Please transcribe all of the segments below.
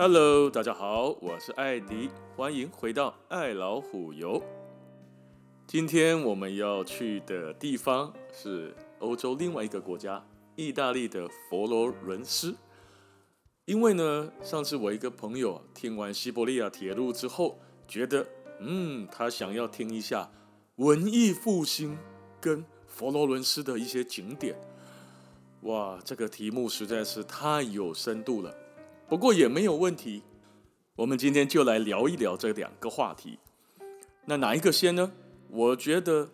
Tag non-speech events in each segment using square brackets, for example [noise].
Hello，大家好，我是艾迪，歡迎回到愛老虎油。今天我們要去的地方是歐洲另外一個國家——意大利的佛羅倫斯。因為呢，上次我一個朋友聽完西伯利亞鐵路之後，覺得嗯，他想要聽一下文藝復興跟佛羅倫斯的一些景點。哇，這個題目實在是太有深度了。不過也沒有問題，我們今天就來聊一聊這兩個話題。那哪一個先呢？我覺得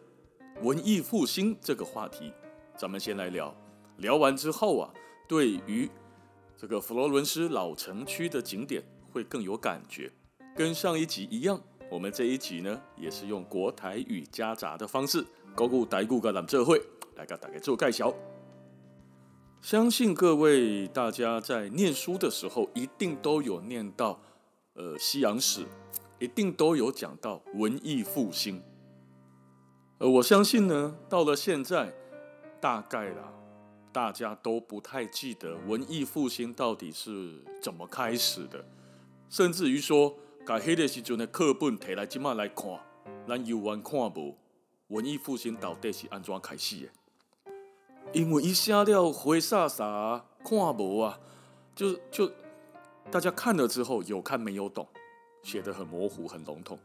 文藝復興這個話題，咱們先來聊。聊完之後啊，對於這個佛羅倫斯老城區的景點會更有感覺。跟上一集一樣，我們這一集呢，也是用國台語夾雜的方式，高顧台顧橄欖社會來給大家做介紹。相信各位大家在唸書的時候，一定都有念到，呃，西洋史，一定都有講到文藝復興。呃，我相信呢，到了現在，大概啦，大家都不太記得文藝復興到底是怎麼開始的，甚至於說，改黑的時陣的課本摕來今嘛來看，咱有按看無？文藝復興到底是安怎開始的？因為一下掉回啥啥看無啊，就、就大家看了之後有看沒有懂，寫得很模糊很籠統，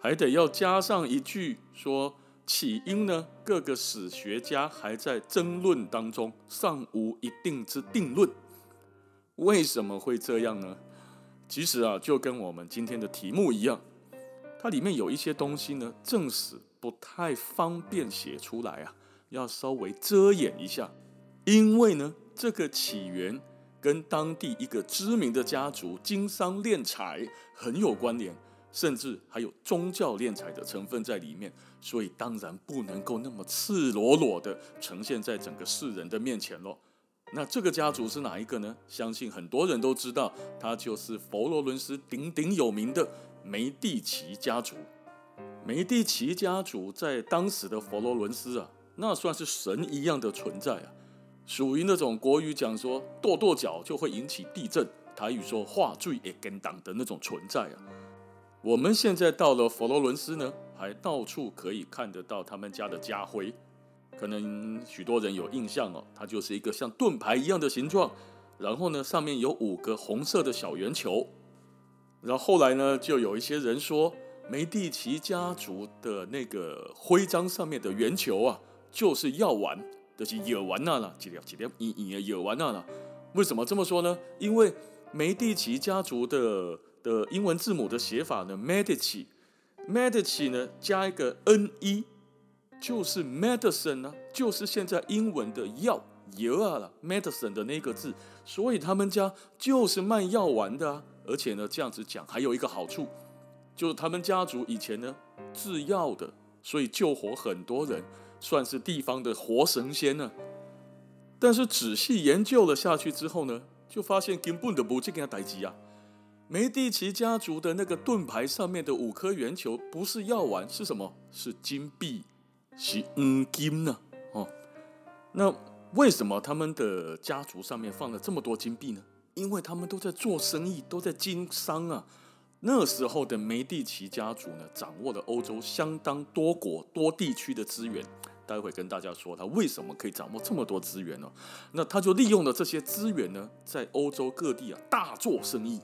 還得要加上一句說，起因呢，各個史學家還在爭論當中，尚無一定之定論。為什麼會這樣呢？其實啊，就跟我們今天的題目一樣，它裡面有一些東西呢，正史不太方便寫出來啊。要稍微遮掩一下，因為呢，這個起源跟當地一個知名的家族經商斂財很有關聯，甚至還有宗教斂財的成分在裡面，所以當然不能夠那麼赤裸裸的呈現在整個世人的面前嘍。那這個家族是哪一個呢？相信很多人都知道，他就是佛羅倫斯鼎鼎有名的梅蒂奇家族。梅蒂奇家族在當時的佛羅倫斯啊。那算是神一樣的存在啊，屬於那種國語講說跺跺腳就會引起地震，台語說話水會堅凍的那種存在啊。我們現在到了佛羅倫斯呢，還到處可以看得到他們家的家徽，可能許多人有印象哦，它就是一個像盾牌一樣的形狀，然後呢，上面有五個紅色的小圓球，然後後來呢就有一些人說，梅蒂奇家族的那個徽章上面的圓球啊。就是藥丸，就是藥丸那了，記得記得，藥藥藥丸那了。為什麼這麼說呢？因為梅蒂奇家族的的英文字母的寫法呢，Medici，Medici med 呢加一個 n e，就是 medicine 呢、啊，就是現在英文的藥藥啊 medicine 的那個字。所以他們家就是賣藥丸的啊。而且呢，這樣子講還有一個好處，就是他們家族以前呢製藥的，所以救活很多人。算是地方的活神仙呢、啊，但是仔細研究了下去之後呢，就發現根本的不去跟他打擊啊。梅蒂奇家族的那個盾牌上面的五顆圓球不是藥丸是什麼？是金幣，是黃金呢、啊。哦，那為什麼他們的家族上面放了這麼多金幣呢？因為他們都在做生意，都在經商啊。那時候的梅蒂奇家族呢，掌握了歐洲相當多國多地區的資源。待會跟大家說他為什麼可以掌握這麼多資源呢、哦？那他就利用了這些資源呢，在歐洲各地啊大做生意，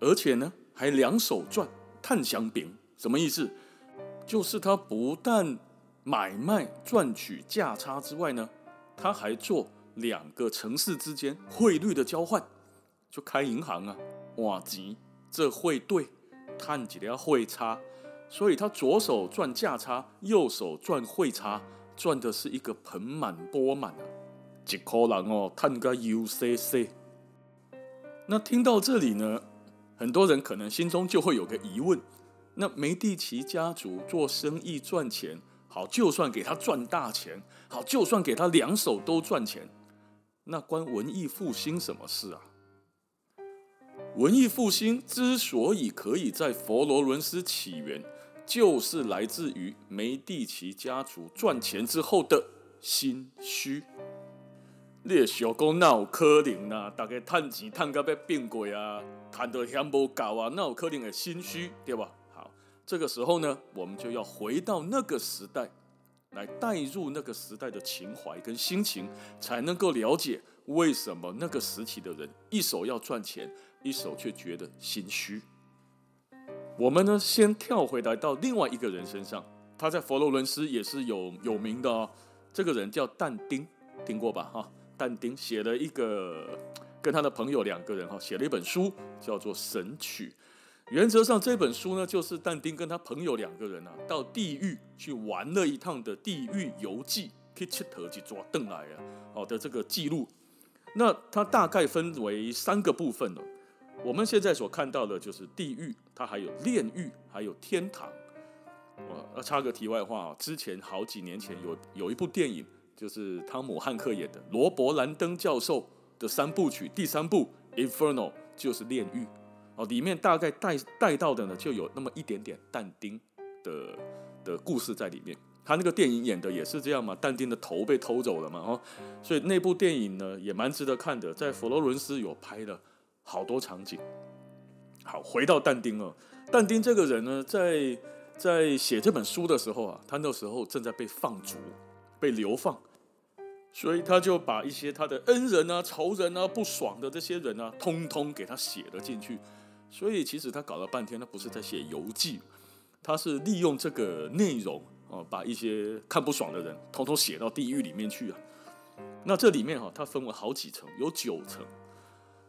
而且呢還兩手賺碳相餅，什麼意思？就是他不但買賣賺取價差之外呢，他還做兩個城市之間匯率的交換，就開銀行啊，哇，吉這匯兌碳幾的要匯差，所以他左手賺價差，右手賺匯差。賺的是一個盆滿缽滿啊！一國人哦，探個 UCC。那聽到這裡呢，很多人可能心中就會有個疑問：那梅蒂奇家族做生意賺錢好，就算給他賺大錢好，就算給他兩手都賺錢，那關文藝復興什麼事啊？文藝復興之所以可以在佛羅倫斯起源，就是來自於梅蒂奇家族賺錢之後的心虛。你也想說哪有可能啊，大家賺錢賺到變鬼啊，賺到香無夠啊，哪有可能的心虛，對吧？好，這個時候呢，我們就要回到那個時代，來帶入那個時代的情懷跟心情，才能夠了解為什麼那個時期的人一手要賺錢，一手卻覺得心虛。我們呢，先跳回來到另外一個人身上，他在佛羅倫斯也是有有名的哦。這個人叫但丁，聽過吧？哈、啊，但丁寫了一個跟他的朋友兩個人哈、哦，寫了一本書，叫做《神曲》。原則上這本書呢，就是但丁跟他朋友兩個人呢、啊，到地獄去玩了一趟的地獄遊記，去吃頭去抓鄧來呀，好、哦、的這個記錄。那它大概分為三個部分、哦我們現在所看到的就是地獄，它還有煉獄，還有天堂。我、啊、要插個題外話啊，之前好幾年前有有一部電影，就是湯姆漢克演的羅伯蘭登教授的三部曲第三部《Inferno》就是煉獄。哦、啊，裡面大概帶帶到的呢，就有那麼一點點但丁的的故事在裡面。他那個電影演的也是這樣嘛，但丁的頭被偷走了嘛，哦，所以那部電影呢也蠻值得看的，在佛羅倫斯有拍的。好多場景，好回到但丁了。但丁這個人呢，在在寫這本書的時候啊，他那時候正在被放逐、被流放，所以他就把一些他的恩人啊、仇人啊、不爽的這些人啊，通通給他寫了進去。所以其實他搞了半天，他不是在寫遊記，他是利用這個內容啊，把一些看不爽的人通通寫到地獄裡面去啊。那這裡面哈，它分為好幾層，有九層。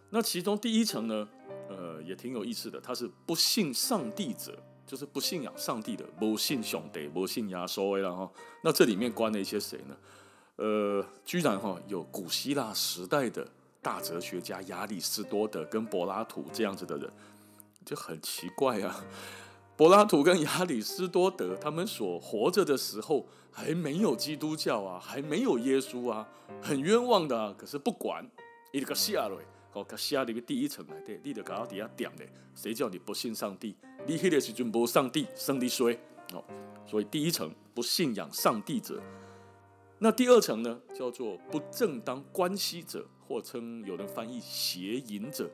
那其中第一層呢，呃，也挺有意思的。他是不信上帝者，就是不信仰上帝的，不信上帝，不信亞索維了，那這裡面關了一些誰呢？呃，居然哈、哦、有古希臘時代的大哲學家亞里斯多德跟柏拉圖這樣子的人，就很奇怪啊。柏拉圖跟亞里斯多德他們所活着的時候還沒有基督教啊，還沒有耶穌啊，很冤枉的、啊。可是不管一個下銳。哦，西亞裡面第一層來的，你得搞到底下點的。誰叫你不信上帝？你迄個時陣無上帝，上帝衰哦。所以第一層不信仰上帝者，那第二層呢，叫做不正當關係者，或稱有人翻譯邪淫者。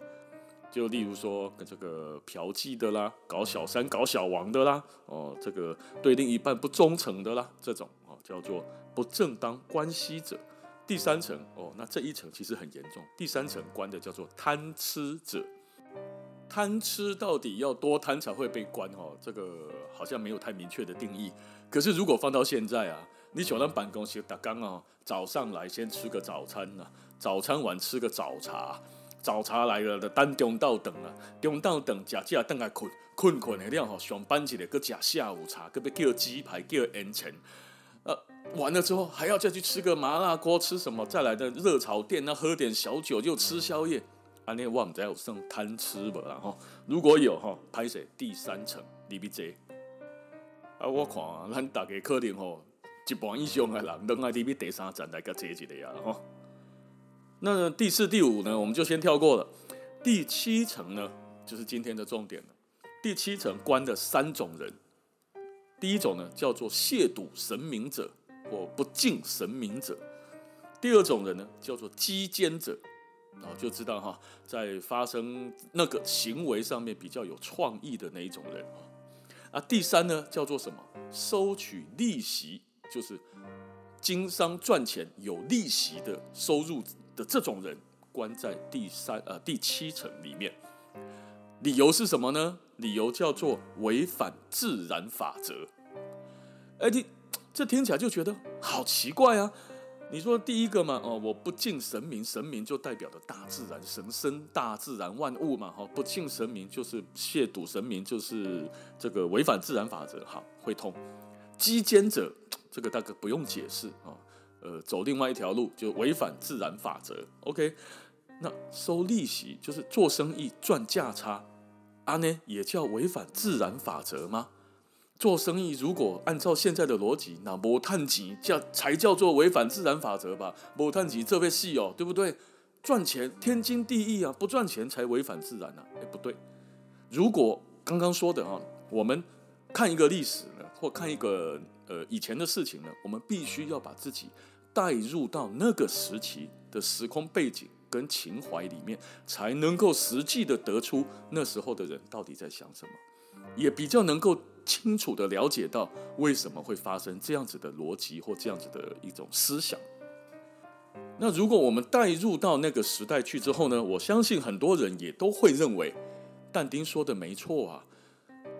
就例如說，跟這個嫖妓的啦，搞小三、搞小王的啦，哦，這個對另一半不忠誠的啦，這種哦，叫做不正當關係者。第三層哦，那這一層其實很嚴重。第三層關的叫做貪吃者，貪吃到底要多貪才會被關？哦，這個好像沒有太明確的定義。可是如果放到現在啊，你喜歡辦公室打工啊，早上來先吃個早餐啊，早餐完吃個早茶，早茶來了的等中到等啊，中到等吃幾下頓來困困困的了哈，上班起來又吃下午茶，擱被叫雞排叫恩城。完了之後，還要再去吃個麻辣鍋，吃什麼？再來的熱炒店，喝點小酒，又吃宵夜。啊，那，我不知道有算貪吃嗎？哈，如果有哈，拍第三層，D B J。啊，我看咱大家可能哈，一半以上的人，都愛 D B 第三層那個階級的呀，那第四、第五呢，我們就先跳過了。第七層呢，就是今天的重點了。第七層關的三種人，第一種呢，叫做褻瀆神明者。不敬神明者，第二種人呢，叫做雞姦者啊，就知道哈，在發生那個行為上面比較有創意的那一種人啊。第三呢，叫做什麼？收取利息，就是經商賺錢有利息的收入的這種人，關在第三呃、啊、第七層裡面。理由是什麼呢？理由叫做違反自然法則。哎，你。這聽起來就覺得好奇怪啊！你說第一個嘛，哦，我不敬神明，神明就代表的大自然、神生、大自然萬物嘛，哈、哦，不敬神明就是褻瀆神明，就是這個違反自然法則，哈，會痛。雞姦者，這個大概不用解釋啊、哦，呃，走另外一條路就違反自然法則。OK，那收、so、利息就是做生意賺價差，阿、啊、呢也叫違反自然法則嗎？做生意，如果按照現在的邏輯，那無趁錢叫才叫做違反自然法則吧？無趁錢這位戲友，對不對？賺錢天經地義啊，不賺錢才違反自然呢、啊。誒，不對。如果剛剛說的哈、啊，我們看一個歷史呢，或看一個呃以前的事情呢，我們必須要把自己帶入到那個時期的時空背景跟情懷裡面，才能夠實際的得出那時候的人到底在想什麼，也比較能夠。清楚地了解到為什麼會發生這樣子的邏輯或這樣子的一種思想。那如果我們帶入到那個時代去之後呢，我相信很多人也都會認為，但丁說的沒錯啊。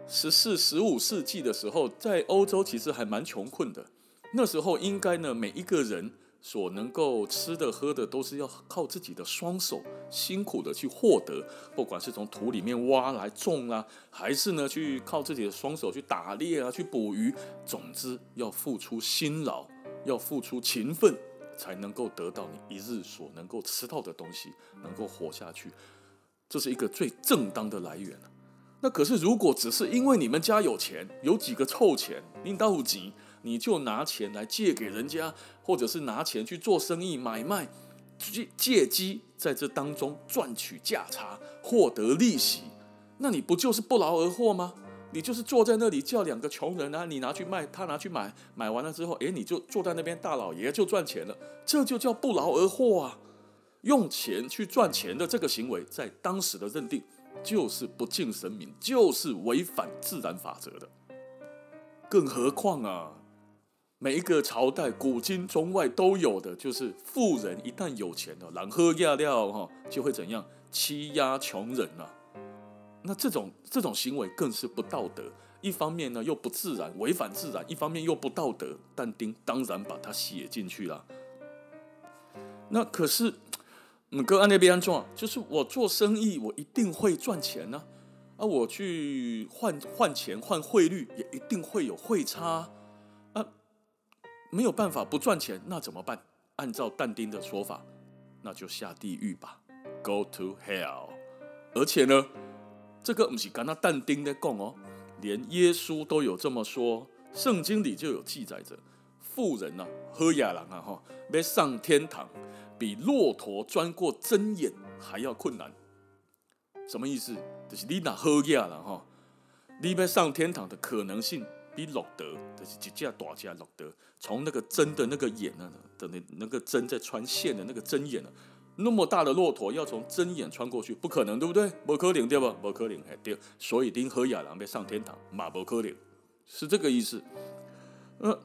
十四、十五世紀的時候，在歐洲其實還蠻窮困的，那時候應該呢，每一個人。所能夠吃的喝的都是要靠自己的雙手辛苦的去獲得，不管是從土裡面挖來種啊，還是呢去靠自己的雙手去打獵啊，去捕魚，總之要付出辛勞，要付出勤奮，才能夠得到你一日所能夠吃到的東西，能夠活下去，這是一個最正當的來源啊，那可是如果只是因為你們家有錢，有幾個臭錢，你到底？你就拿錢來借給人家，或者是拿錢去做生意買賣，借借機在這當中賺取價差，獲得利息，那你不就是不勞而獲嗎？你就是坐在那裡叫兩個窮人啊，你拿去賣，他拿去買，買完了之後，哎，你就坐在那邊大老爺就賺錢了，這就叫不勞而獲啊！用錢去賺錢的這個行為，在當時的認定就是不敬神明，就是違反自然法則的，更何況啊！每一個朝代，古今中外都有的就是富人一旦有錢了，狼喝壓料，哈，就會怎樣欺壓窮人啊？那這種這種行為更是不道德。一方面呢，又不自然，違反自然；一方面又不道德。但丁當然把它寫進去了。那可是，你擱《安妮貝恩傳》，就是我做生意，我一定會賺錢呢。啊，啊，我去換換錢，換匯率也一定會有匯差。沒有辦法不賺錢，那怎麼辦？按照但丁的說法，那就下地獄吧，Go to hell。而且呢，這個不是跟他但丁的講哦，連耶穌都有這麼說，聖經裡就有記載着：富人啊，喝啞人啊，哈，要上天堂比駱駝鑽過針眼還要困難。什麼意思？就是你那喝啞人哈，你要上天堂的可能性。比駱駝，就是一隻大隻駱駝，從那個針的那個眼啊的那那個針在穿線的那個針眼啊，那麼大的駱駝要從針眼穿過去，不可能，對不對？不可能對吧？不可能還對，對，對，所以丁和亞蘭要上天堂，嘛，不可能，是這個意思。呃，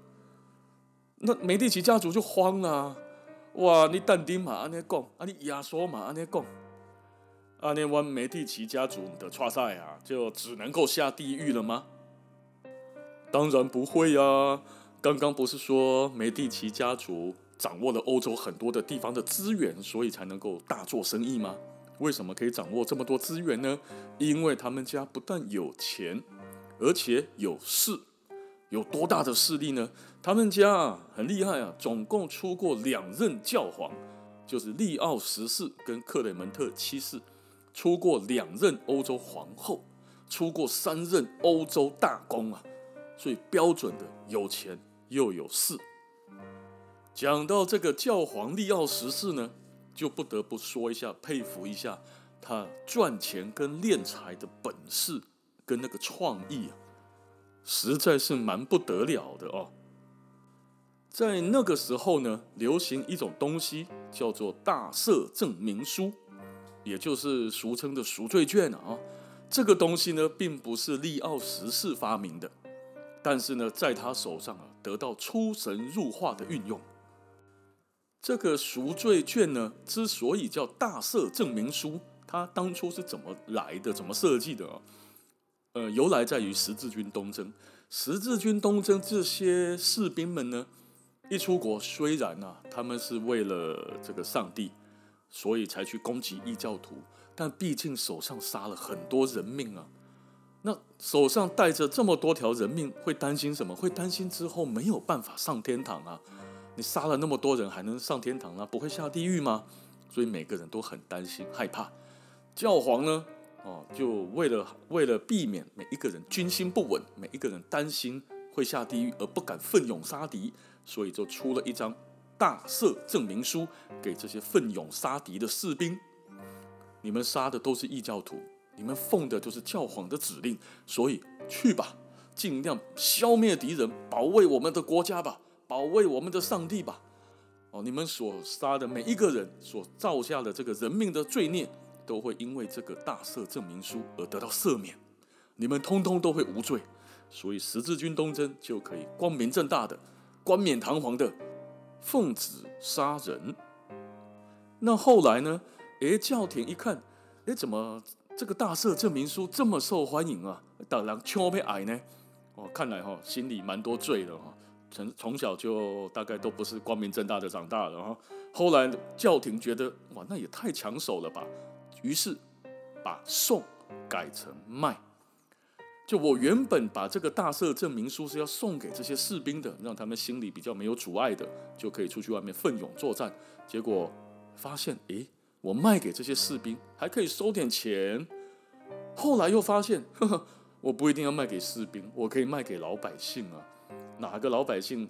那梅蒂奇家族就慌了，哇！你但丁嘛，安尼講，啊，你亞索嘛，安尼講，安尼灣梅蒂奇家族的參賽啊，就只能夠下地獄了嗎？當然不會呀、啊！剛剛不是說梅蒂奇家族掌握了歐洲很多的地方的資源，所以才能夠大做生意嗎？為什麼可以掌握這麼多資源呢？因為他們家不但有錢，而且有勢。有多大的勢力呢？他們家很厲害啊！總共出過兩任教皇，就是利奧十世跟克雷蒙特七世；出過兩任歐洲皇后；出過三任歐洲大公啊！最標準的有錢又有勢。講到這個教皇利奧十世呢，就不得不說一下，佩服一下他賺錢跟斂財的本事跟那個創意啊，實在是蠻不得了的哦。在那個時候呢，流行一種東西叫做大赦證明書，也就是俗稱的贖罪券啊。這個東西呢，並不是利奧十世發明的。但是呢，在他手上啊，得到出神入化的運用。這個贖罪券呢，之所以叫大赦證明書，它當初是怎麼來的，怎麼設計的啊，呃，由來在於十字軍東征。十字軍東征這些士兵們呢，一出國雖然啊，他們是為了這個上帝，所以才去攻擊異教徒，但畢竟手上殺了很多人命啊。那手上帶着這麼多條人命，會擔心什麼？會擔心之後沒有辦法上天堂啊？你殺了那麼多人，還能上天堂啊？不會下地獄嗎？所以每個人都很擔心、害怕。教皇呢？哦，就為了為了避免每一個人軍心不穩，每一個人擔心會下地獄而不敢奮勇殺敵，所以就出了一張大赦證明書，給這些奮勇殺敵的士兵：你們殺的都是異教徒。你們奉的就是教皇的指令，所以去吧，盡量消滅敵人，保衛我們的國家吧，保衛我們的上帝吧。哦，你們所殺的每一個人，所造下的這個人命的罪孽，都會因為這個大赦證明書而得到赦免，你們通通都會無罪，所以十字軍東征就可以光明正大的、冠冕堂皇的奉旨殺人。那後來呢？誒，教廷一看，誒，怎麼？這個大赦證明書這麼受歡迎啊，當然超被愛呢。哦，看來哈、哦，心裡蠻多罪的哈、哦。從從小就大概都不是光明正大的長大的哈、哦。後來教廷覺得哇，那也太搶手了吧，於是把送改成賣。就我原本把這個大赦證明書是要送給這些士兵的，讓他們心裡比較沒有阻礙的，就可以出去外面奮勇作戰。結果發現，誒。我賣給這些士兵還可以收點錢，後來又發現，呵呵，我不一定要賣給士兵，我可以賣給老百姓啊。哪個老百姓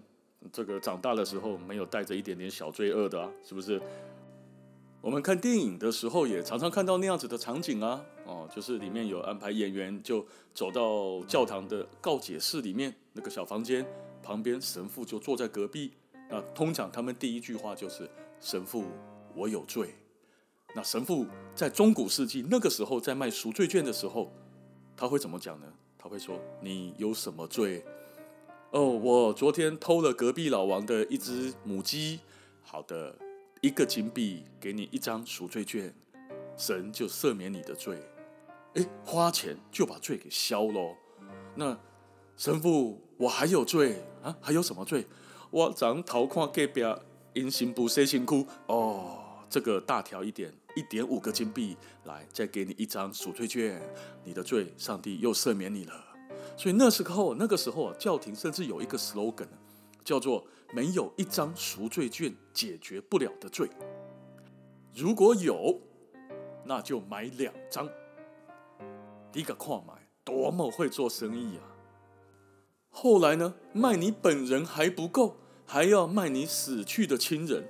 這個長大的時候沒有帶着一點點小罪惡的啊？是不是？我們看電影的時候也常常看到那樣子的場景啊。哦，就是裡面有安排演員就走到教堂的告解室裡面那個小房間，旁邊神父就坐在隔壁。那通常他們第一句話就是：“神父，我有罪。”那神父在中古世紀那個時候在賣贖罪券的時候，他會怎麼講呢？他會說：“你有什麼罪？哦，我昨天偷了隔壁老王的一隻母雞。好的，一個金幣給你一張贖罪券，神就赦免你的罪。哎，花錢就把罪給消嘍。那神父，我還有罪啊？還有什麼罪？我轉頭看隔壁淫心不死，心苦。哦，這個大條一點。”一點五個金幣，來再給你一張贖罪券，你的罪上帝又赦免你了。所以那時候，那個時候啊，教廷甚至有一個 slogan，叫做“沒有一張贖罪券解決不了的罪，如果有，那就買兩張。”第一個礦買，多麼會做生意啊！後來呢，賣你本人還不夠，還要賣你死去的親人。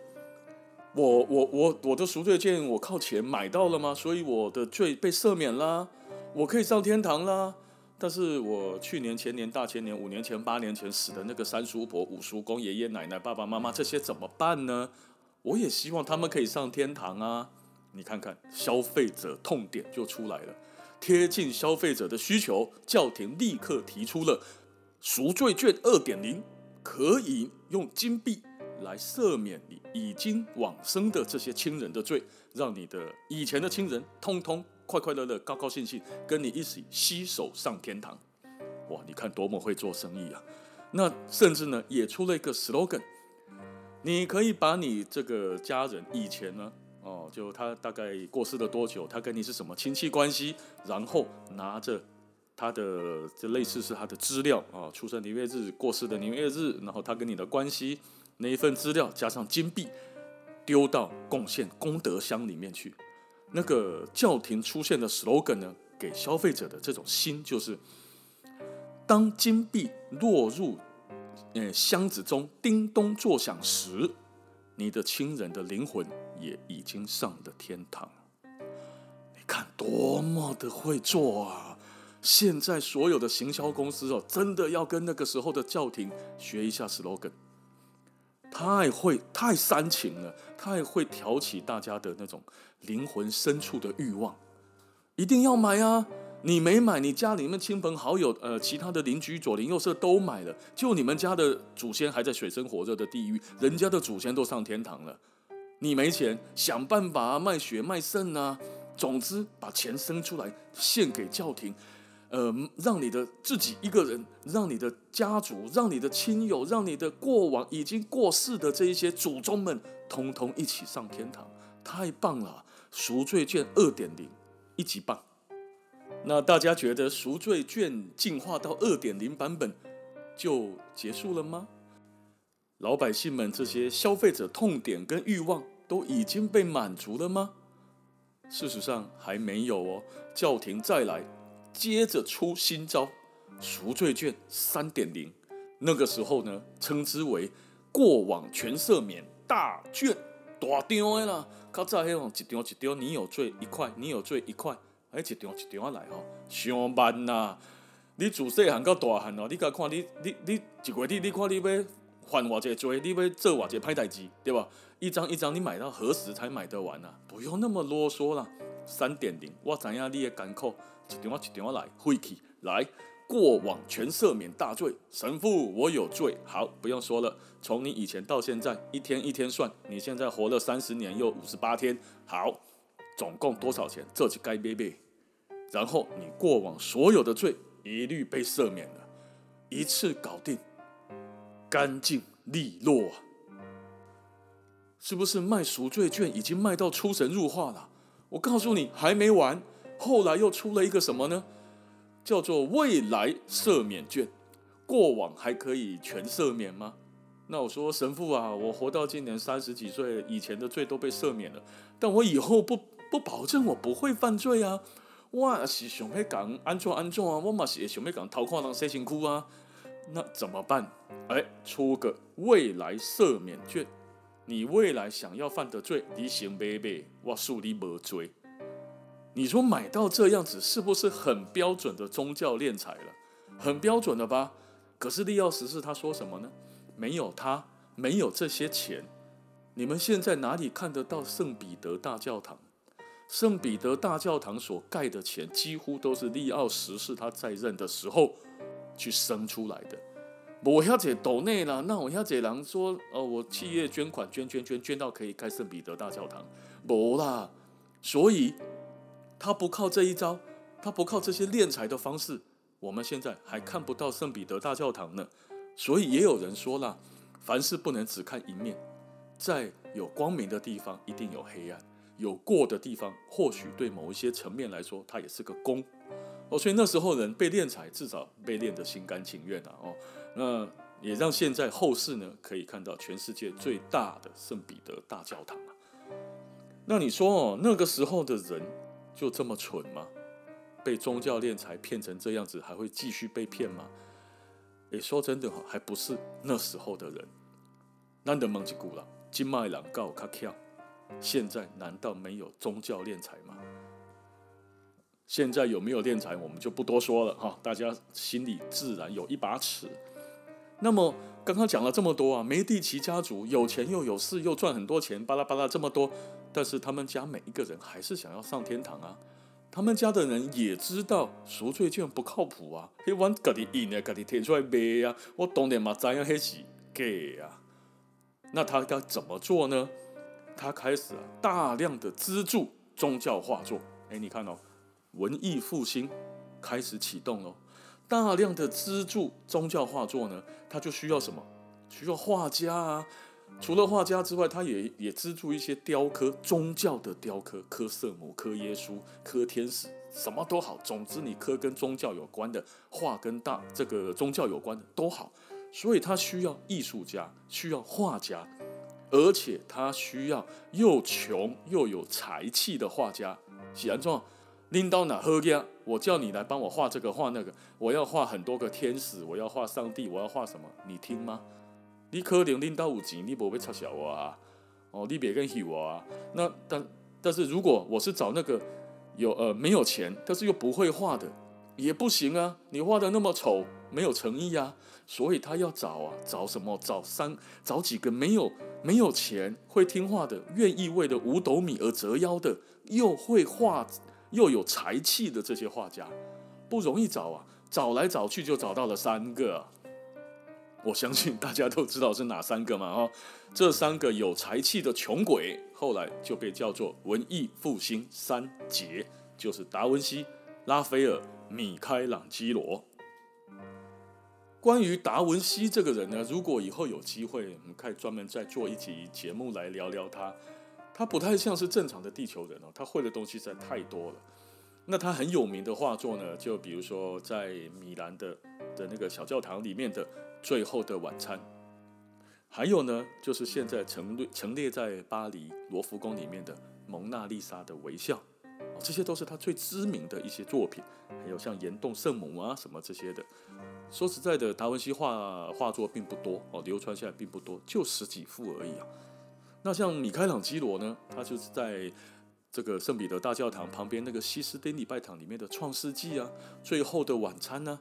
我我我我的贖罪券我靠錢買到了嗎？所以我的罪被赦免啦，我可以上天堂啦。但是我去年前年大前年五年前八年前死的那個三叔婆、五叔公爺爺奶奶爸爸媽媽這些怎麼辦呢？我也希望他們可以上天堂啊！你看看消費者痛點就出來了，貼近消費者的需求，教廷立刻提出了贖罪券2.0，可以用金幣。來赦免你已經往生的這些親人的罪，讓你的以前的親人通通快快樂樂、高高興興跟你一起攜手上天堂。哇，你看多麼會做生意啊！那甚至呢，也出了一個 slogan：你可以把你這個家人以前呢，哦，就他大概過世了多久，他跟你是什麼親戚關係，然後拿着他的，這類似是他的資料啊，出生年月日、過世的年月日，然後他跟你的關係。那一份資料加上金幣，丟到貢獻功德箱裡面去。那個教廷出現的 slogan 呢，給消費者的這種心就是：當金幣落入嗯箱子中叮咚作響時，你的親人的靈魂也已經上了天堂。你看多麼的會做啊！現在所有的行銷公司哦，真的要跟那個時候的教廷學一下 slogan。太會，太煽情了，太會挑起大家的那種靈魂深處的欲望，一定要買啊！你沒買，你家裡面親朋好友，呃，其他的鄰居左鄰右舍都買了，就你們家的祖先還在水深火熱的地獄，人家的祖先都上天堂了，你沒錢，想辦法賣血賣腎啊，總之把錢生出來獻給教廷。嗯、呃，讓你的自己一個人，讓你的家族，讓你的親友，讓你的過往已經過世的這一些祖宗們，通通一起上天堂，太棒了！贖罪券二點零一級棒。那大家覺得贖罪券進化到二點零版本就結束了嗎？老百姓們這些消費者痛點跟欲望都已經被滿足了嗎？事實上還沒有哦，教廷再來。接着出新招，贖罪券三點零，那個時候呢，稱之為過往全赦免大券大張的啦。較早那種一張一張，你有罪一塊，你有罪一塊，哎，一張一張來哦，上萬吶！你自細漢到大漢哦，你甲看你，你你一月底，你看你要犯偌濟罪，你要做偌濟歹代志，對吧？一張一張你買到何時才買得完、啊、不用那麼囉嗦啦三點零，0，我知道你的艱苦一點一點來，會起來。過往全赦免大罪，神父，我有罪。好，不用說了，從你以前到現在，一天一天算，你現在活了三十年又五十八天。好，總共多少錢？這就該背背。然後你過往所有的罪一律被赦免了，一次搞定，乾淨利落。是不是賣贖罪券已經賣到出神入化了？我告訴你，還沒完。後來又出了一個什麼呢？叫做未來赦免券。過往還可以全赦免嗎？那我說神父啊，我活到今年三十幾歲，以前的罪都被赦免了，但我以後不不保證我不會犯罪啊！我還是想袂講安怎安怎啊？我嘛是想袂講偷看人寫情書啊！那怎麼辦？哎，出個未來赦免券，你未來想要犯的罪，你行拜拜，我恕你無罪。你說買到這樣子是不是很標準的宗教斂財了？很標準了吧？可是利奧十世他說什麼呢？沒有他，沒有這些錢，你們現在哪裡看得到聖彼得大教堂？聖彼得大教堂所蓋的錢幾乎都是利奧十世他在任的時候去生出來的。我要解斗內啦，那我要解囊說哦，我企業捐款捐捐捐捐，捐到可以蓋聖彼得大教堂，不啦，所以。他不靠這一招，他不靠這些斂財的方式，我們現在還看不到聖彼得大教堂呢。所以也有人說了，凡事不能只看一面，在有光明的地方一定有黑暗，有過的地方或許對某一些層面來說它也是個功哦。所以那時候人被斂財，至少被練得心甘情願了啊哦。那也讓現在後世呢可以看到全世界最大的聖彼得大教堂啊。那你說哦，那個時候的人。就這麼蠢嗎？被宗教斂財騙成這樣子，還會繼續被騙嗎？哎，說真的哈，還不是那時候的人難得夢起古了，金麥郎告卡跳。現在難道沒有宗教斂財嗎？現在有沒有斂財？我們就不多說了哈，大家心裡自然有一把尺。那麼剛剛講了這麼多啊，梅蒂奇家族有錢又有勢，又賺很多錢，巴拉巴拉這麼多，但是他們家每一個人還是想要上天堂啊。他們家的人也知道贖罪券不靠譜啊，He want get it in, get it take 出來賣啊。我懂點嘛，怎樣 He is get 啊？那他該怎麼做呢？他開始大量的資助宗教畫作。哎，你看哦，文藝復興開始啟動嘍。大量的資助宗教畫作呢，他就需要什麼？需要畫家啊！除了畫家之外，他也也資助一些雕刻，宗教的雕刻，刻聖母、刻耶穌、刻天使，什麼都好。總之，你刻跟宗教有關的，畫跟大這個宗教有關的都好。所以，他需要藝術家，需要畫家，而且他需要又窮又有才氣的畫家。形狀。拎到哪喝呀？我叫你來幫我畫這個畫那個，我要畫很多個天使，我要畫上帝，我要畫什麼？你聽嗎？你可能拎到有錢，你不會嘲笑我啊？哦，你別跟我啊？那但但是如果我是找那個有呃沒有錢，但是又不會畫的，也不行啊！你畫的那麼醜，沒有誠意啊！所以他要找啊，找什麼？找三找幾個沒有沒有錢會聽話的，願意為了五斗米而折腰的，又會畫。又有才氣的這些畫家不容易找啊，找來找去就找到了三個啊，我相信大家都知道是哪三個嘛，哦，這三個有才氣的窮鬼後來就被叫做文藝復興三傑，就是達文西、拉斐爾、米開朗基羅。關於達文西這個人呢，如果以後有機會，我們可以專門再做一集節目來聊聊他。他不太像是正常的地球人哦，他會的東西實在太多了。那他很有名的畫作呢，就比如說在米蘭的的那個小教堂裡面的《最後的晚餐》，還有呢，就是現在陳列陳列在巴黎羅浮宮裡面的《蒙娜麗莎的微笑》，這些都是他最知名的一些作品。還有像岩洞聖母啊什麼這些的。說實在的，達文西畫畫作並不多哦，流傳下來並不多，就十幾幅而已啊。那像米開朗基羅呢？他就是在這個聖彼得大教堂旁邊那個西斯丁禮拜堂裡面的《創世紀》啊，《最後的晚餐》啊呢，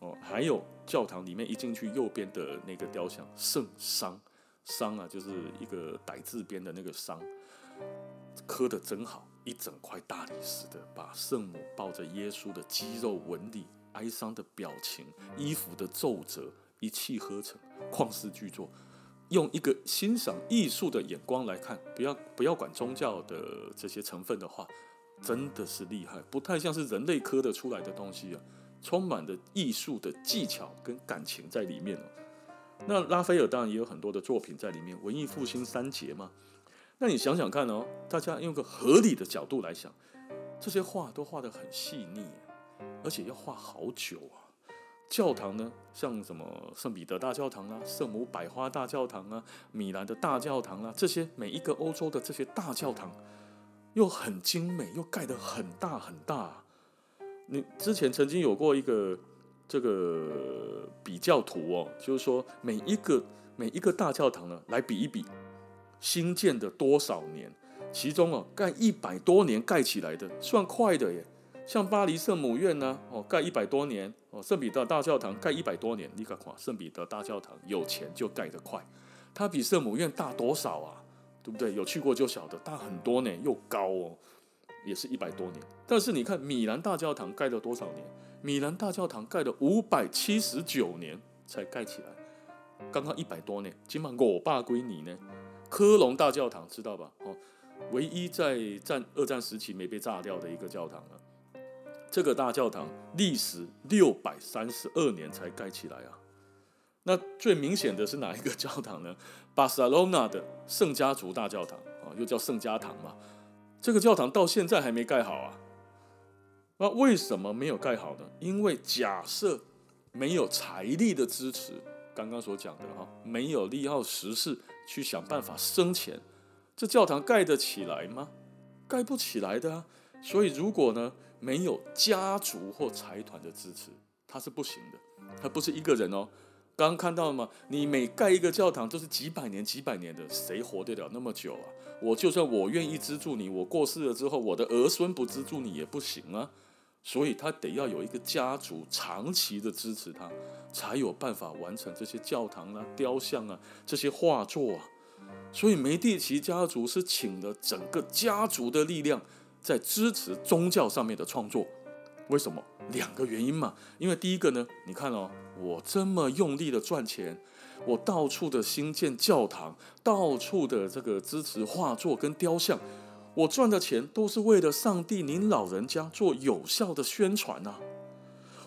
哦，還有教堂裡面一進去右邊的那個雕像聖殤，殤啊，就是一個歹字邊的那個殤，刻得真好，一整塊大理石的，把聖母抱着耶穌的肌肉紋理、哀傷的表情、衣服的皺褶，一氣呵成，曠世巨作。用一個欣賞藝術的眼光來看，不要不要管宗教的這些成分的話，真的是厲害，不太像是人類科的出來的東西啊，充滿着藝術的技巧跟感情在裡面哦。那拉斐爾當然也有很多的作品在裡面，文藝復興三傑嘛。那你想想看哦，大家用個合理的角度來想，這些畫都畫得很細膩、啊，而且要畫好久啊。教堂呢，像什麼聖彼得大教堂啊、聖母百花大教堂啊、米蘭的大教堂啊，這些每一個歐洲的這些大教堂，又很精美，又蓋得很大很大，啊。你之前曾經有過一個這個比較圖哦，就是說每一個每一個大教堂呢，來比一比新建的多少年，其中啊，哦，蓋一百多年蓋起來的算快的耶，像巴黎聖母院呢，啊，哦，蓋一百多年。聖彼得大教堂蓋一百多年，你，你看，聖彼得大教堂有錢就蓋得快，它比聖母院大多少啊？對不對？有去過就曉得，大很多呢，又高哦，也是一百多年。但是你看米蘭大教堂蓋了多少年？米蘭大教堂蓋了五百七十九年才蓋起來，剛剛一百多年。今晚我爸歸你呢。科隆大教堂知道吧？哦，唯一在戰二戰時期沒被炸掉的一個教堂了這個大教堂歷時六百三十二年才蓋起來啊！那最明顯的是哪一個教堂呢？巴塞羅那的聖家族大教堂啊，又叫聖家堂嘛。這個教堂到現在還沒蓋好啊！那為什麼沒有蓋好呢？因為假設沒有財力的支持，剛剛所講的哈，沒有利奧十世去想辦法生錢，這教堂蓋得起來嗎？蓋不起來的啊！所以如果呢，沒有家族或財團的支持，他是不行的。他不是一個人哦。剛剛看到了嗎？你每蓋一個教堂都是幾百年、幾百年的，誰活得了那麼久啊？我就算我願意資助你，我過世了之後，我的兒孫不資助你也不行啊。所以他得要有一個家族長期的支持他，他才有辦法完成這些教堂啊、雕像啊、這些畫作啊。所以梅蒂奇家族是請了整個家族的力量。在支持宗教上面的創作，為什麼？兩個原因嘛。因為第一個呢，你看哦，我這麼用力的賺錢，我到處的興建教堂，到處的這個支持畫作跟雕像，我賺的錢都是為了上帝您老人家做有效的宣傳吶。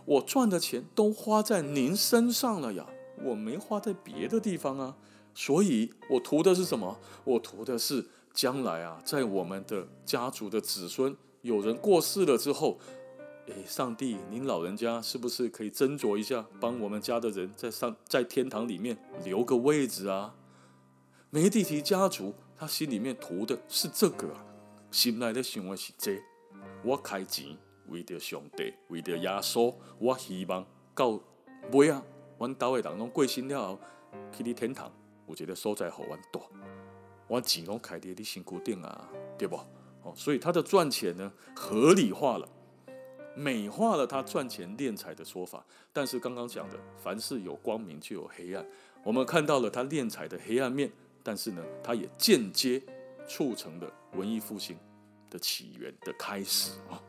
我賺的錢都花在您身上了呀，我沒花在別的地方啊。所以我圖的是什麼？我圖的是將來啊，在我們的家族的子孫有人過世了之後，誒，上帝，您老人家是不是可以斟酌一下，幫我們家的人在上在天堂裡面留個位置啊？梅蒂奇家族他心裡面圖的是這個啊，心內的想法是這個，我開錢為了上帝，為了耶穌，我希望到尾啊，阮兜的人攏過身了後，去你天堂。我覺得收在好玩多，我往金凱開的你辛苦點啊，對不？哦，所以他的賺錢呢，合理化了，美化了他賺錢斂財的說法。但是剛剛講的，凡事有光明就有黑暗。我們看到了他斂財的黑暗面，但是呢，他也間接促成了文藝復興的起源的開始啊。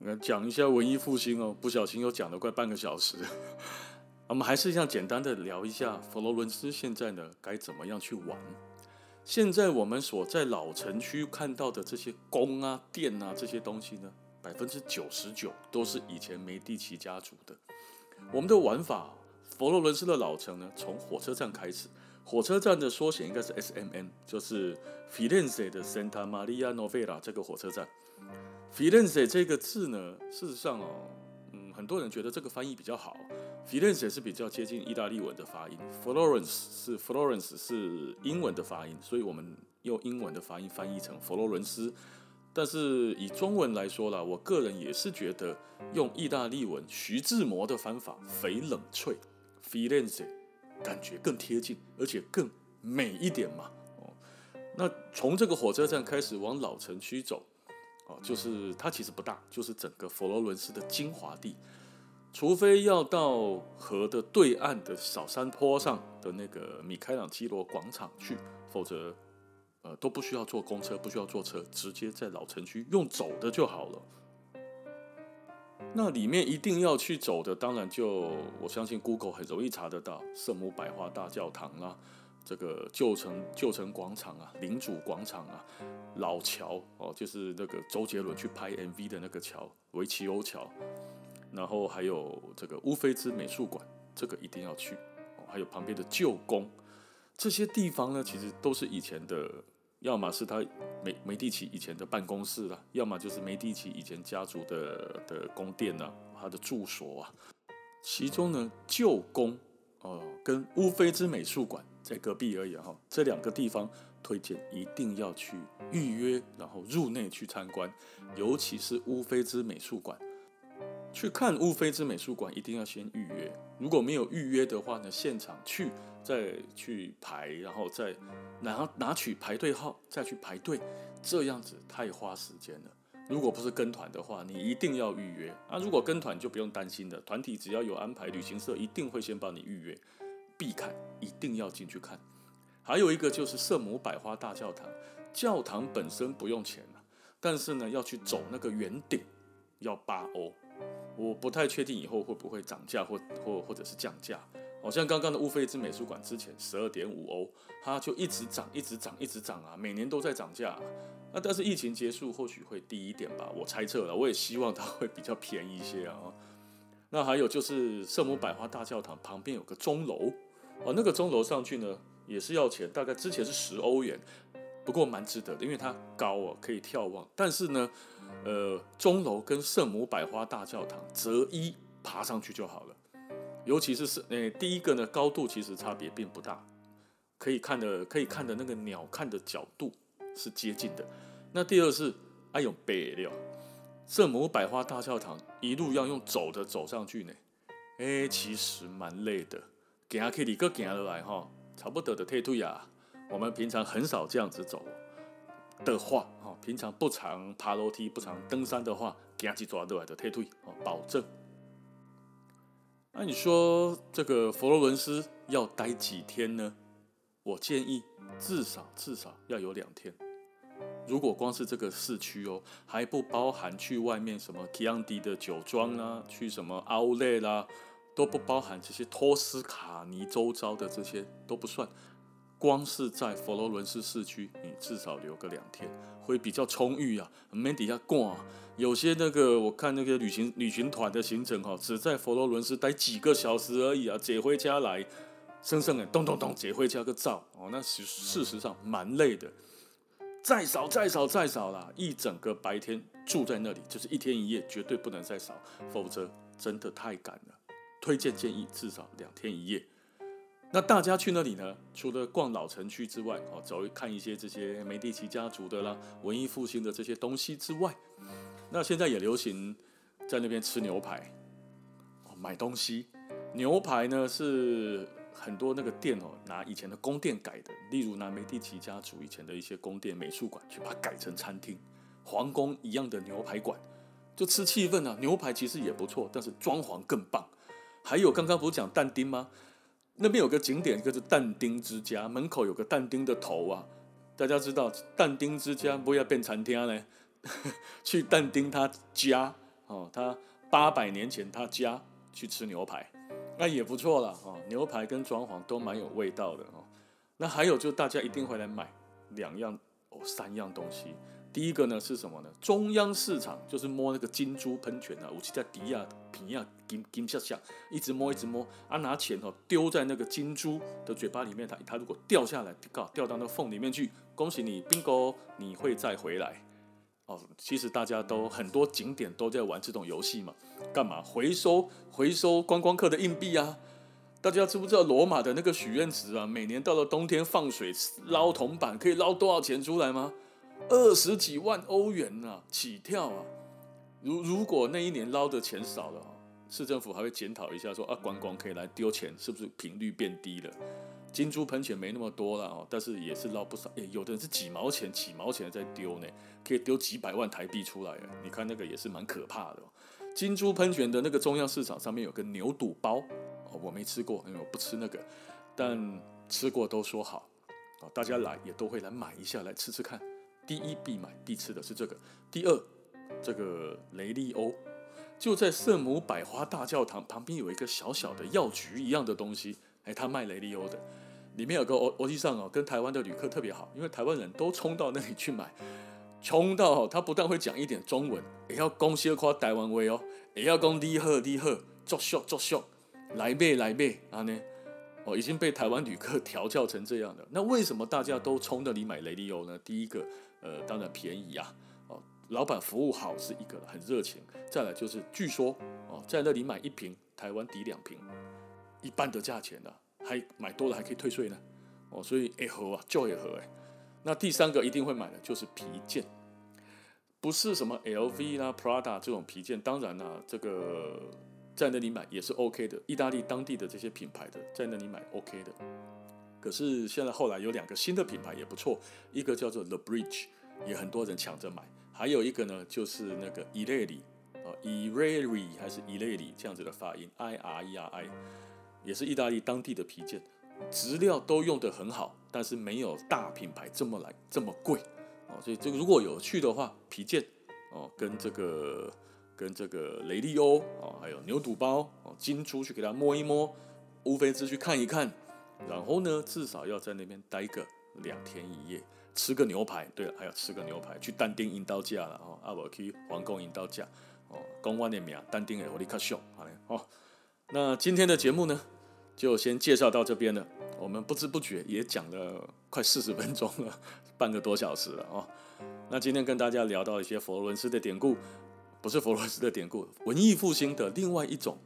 哦、講一下文藝復興哦，不小心又講了快半個小時。我們還是一樣簡單的聊一下佛羅倫斯現在呢，該怎麼樣去玩。現在我們所在老城區看到的這些宮啊、殿啊這些東西呢，百分之九十九都是以前梅蒂奇家族的。我們的玩法，佛羅倫斯的老城呢，從火車站開始。火車站的縮寫應該是 S M N，就是 Firenze 的 Santa Maria Novella 這個火車站。Firenze 這個字呢，事實上哦，嗯，很多人覺得這個翻譯比較好。Firenze 是比較接近意大利文的發音，Florence 是 Florence 是英文的發音，所以我們用英文的發音翻譯成佛羅倫斯。但是以中文來說啦，我個人也是覺得用意大利文徐志摩的方法，翡冷翠，Firenze 感覺更貼近，而且更美一點嘛。哦，那從這個火車站開始往老城區走，哦，就是它其實不大，就是整個佛羅倫斯的精華地。除非要到河的對岸的小山坡上的那個米開朗基羅廣場去，否則，呃，都不需要坐公車，不需要坐車，直接在老城區用走的就好了。那裡面一定要去走的，當然就我相信 Google 很容易查得到聖母百花大教堂啦，啊，這個舊城舊城廣場啊，領主廣場啊，老橋哦，就是那個周杰倫去拍 MV 的那個橋——維奇歐橋。然後還有這個烏菲茲美術館，這個一定要去，哦，還有旁邊的舊宮，這些地方呢，其實都是以前的，要麼是他梅梅蒂奇以前的辦公室啦，啊，要麼就是梅蒂奇以前家族的的宮殿吶，啊，他的住所啊。其中呢，舊宮哦跟烏菲茲美術館在隔壁而已哈，啊，這兩個地方推薦一定要去預約，然後入內去參觀，尤其是烏菲茲美術館。去看烏菲茲美術館，一定要先預約。如果沒有預約的話呢，現場去，再去排，然後再拿拿取排隊號，再去排隊，這樣子太花時間了。如果不是跟團的話，你一定要預約啊。如果跟團就不用擔心的，團體只要有安排，旅行社一定會先幫你預約。必看，一定要進去看。還有一個就是聖母百花大教堂，教堂本身不用錢啊，但是呢，要去走那個圓頂要八歐。我不太確定以後會不會漲價或或或者是降價，好像剛剛的烏菲茲美術館之前十二點五歐，它就一直漲，一直漲，一直漲啊，每年都在漲價。那但是疫情結束或許會低一點吧，我猜測了，我也希望它會比較便宜一些啊。那還有就是聖母百花大教堂旁邊有個鐘樓啊，那個鐘樓上去呢也是要錢，大概之前是十歐元。不過蠻值得的，因為它高哦、啊，可以眺望。但是呢，呃，鐘樓跟聖母百花大教堂擇一爬上去就好了。尤其是是，呃，第一個呢，高度其實差別並不大，可以看的可以看的那個鳥瞰的角度是接近的。那第二是，哎、啊、呦，背了聖母百花大教堂一路要用走的走上去呢，哎，其實蠻累的，行起嚟擱行落來哈，差不多就鐵腿呀。我們平常很少這樣子走的話，平常不常爬樓梯，不常登山的話，趕快去抓回來的退腿保證。那、啊、你說這個佛羅倫斯要待幾天呢？我建議至少至少要有兩天。如果光是這個市區哦，還不包含去外面什麼基安迪的酒莊啊，去什麼阿烏雷啦，都不包含這些托斯卡尼周遭的這些都不算。光是在佛羅倫斯市區，你至少留個兩天，會比較充裕啊，滿底下逛啊。有些那個，我看那個旅行旅行團的行程哈、哦，只在佛羅倫斯待幾個小時而已啊，折回家來，生生的咚咚咚折回家個灶哦，那是事實上蠻累的。再少再少再少啦，一整個白天住在那裡，就是一天一夜，絕對不能再少，否則真的太趕了。推薦建議至少兩天一夜。那大家去那裡呢？除了逛老城區之外，哦，走一看一些這些梅蒂奇家族的啦、文藝復興的這些東西之外，那現在也流行在那邊吃牛排、買東西。牛排呢是很多那個店哦、喔，拿以前的宮殿改的，例如拿梅蒂奇家族以前的一些宮殿美、美術館去把它改成餐廳，皇宮一樣的牛排館，就吃氣氛啊。牛排其實也不錯，但是裝潢更棒。還有剛剛不是講但丁嗎？那邊有個景點，叫做但丁之家，門口有個但丁的頭啊。大家知道但丁之家不要變餐廳嘞。 [laughs] 去但丁他家哦，他八百年前他家去吃牛排，那也不錯了哦。牛排跟裝潢都蠻有味道的哦。那還有就大家一定會來買兩樣哦，三樣東西。第一個呢是什麼呢？中央市場就是摸那個金豬噴泉啊，我是在迪亞比亞金金下下一直摸一直摸啊，拿錢哦丟在那個金豬的嘴巴裡面，它它，如果掉下來，靠，掉到那個縫裡面去，恭喜你 bingo，你會再回來哦。其實大家都很多景點都在玩這種遊戲嘛，幹嘛回收回收觀光客的硬幣啊？大家知不知道羅馬的那個許願池啊？每年到了冬天放水撈銅板，可以撈多少錢出來嗎？二十幾萬歐元啊，起跳啊！如如果那一年撈的錢少了，市政府還會檢討一下說，說啊，觀光，光可以來丟錢，是不是頻率變低了？金珠噴泉沒那麼多了哦，但是也是撈不少。欸，有的人是幾毛錢、幾毛錢在丟呢，可以丟幾百萬台幣出來。你看那個也是蠻可怕的。金珠噴泉的那個中央市場上面有個牛肚包，我沒吃過，因為我不吃那個，但吃過都說好。哦，大家來也都會來買一下，來吃吃看。第一必買必吃的是這個。第二，這個雷利歐就在聖母百花大教堂旁邊，有一個小小的藥局一樣的東西。哎、欸，他賣雷利歐的，裡面有個歐歐洲上哦，跟台灣的旅客特別好，因為台灣人都衝到那裡去買。衝到、喔、他不但會講一點中文，也要恭喜誇台灣話哦、喔，也要講厲害厲害，作秀作秀，來買來買，啊呢？哦、喔，已經被台灣旅客調教成這樣的。那為什麼大家都衝那裡買雷利歐呢？第一個。呃，當然便宜啊，哦，老闆服務好是一個，很熱情。再來就是，據說哦，在那裡買一瓶台灣抵兩瓶，一半的價錢呢、啊，還買多了還可以退稅呢，哦，所以也喝啊，就也喝哎。那第三個一定會買的，就是皮件，不是什麼 LV 啦、啊、Prada 這種皮件，當然啦、啊，這個在那裡買也是 OK 的，意大利當地的這些品牌的在那裡買 OK 的。可是現在後來有兩個新的品牌也不錯，一個叫做 The Bridge，也很多人搶着買；還有一個呢，就是那個 Ireri 啊 Ireri 還是 Ireri 這樣子的發音，I R E R I，也是意大利當地的皮件，質料都用得很好，但是沒有大品牌這麼來這麼貴，哦，所以這個如果有趣的話，皮件哦跟這個跟這個雷利歐哦還有牛肚包哦，金豬去給它摸一摸，烏菲茲去看一看。然後呢，至少要在那邊待個兩天一夜，吃個牛排。對了，還要吃個牛排，去但丁櫻桃架了哦，阿伯去皇宮櫻桃架哦，公安的名啊，但丁的佛利卡秀，好嘞哦。那今天的節目呢，就先介紹到這邊了。我們不知不覺也講了快四十分鐘了，半個多小時了哦。那今天跟大家聊到一些佛羅倫斯的典故，不是佛羅倫斯的典故，文藝復興的另外一種。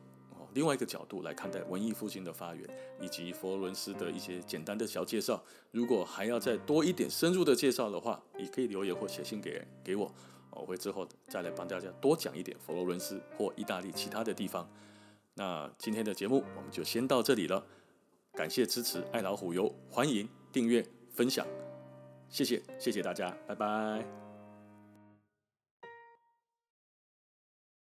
另外一個角度來看待文藝復興的發源，以及佛羅倫斯的一些簡單的小介紹。如果還要再多一點深入的介紹的話，也可以留言或寫信給給我，我會之後再來幫大家多講一點佛羅倫斯或意大利其他的地方。那今天的節目我們就先到這裡了，感謝支持，愛老虎油，歡迎訂閱、分享，謝謝，謝謝大家，拜拜。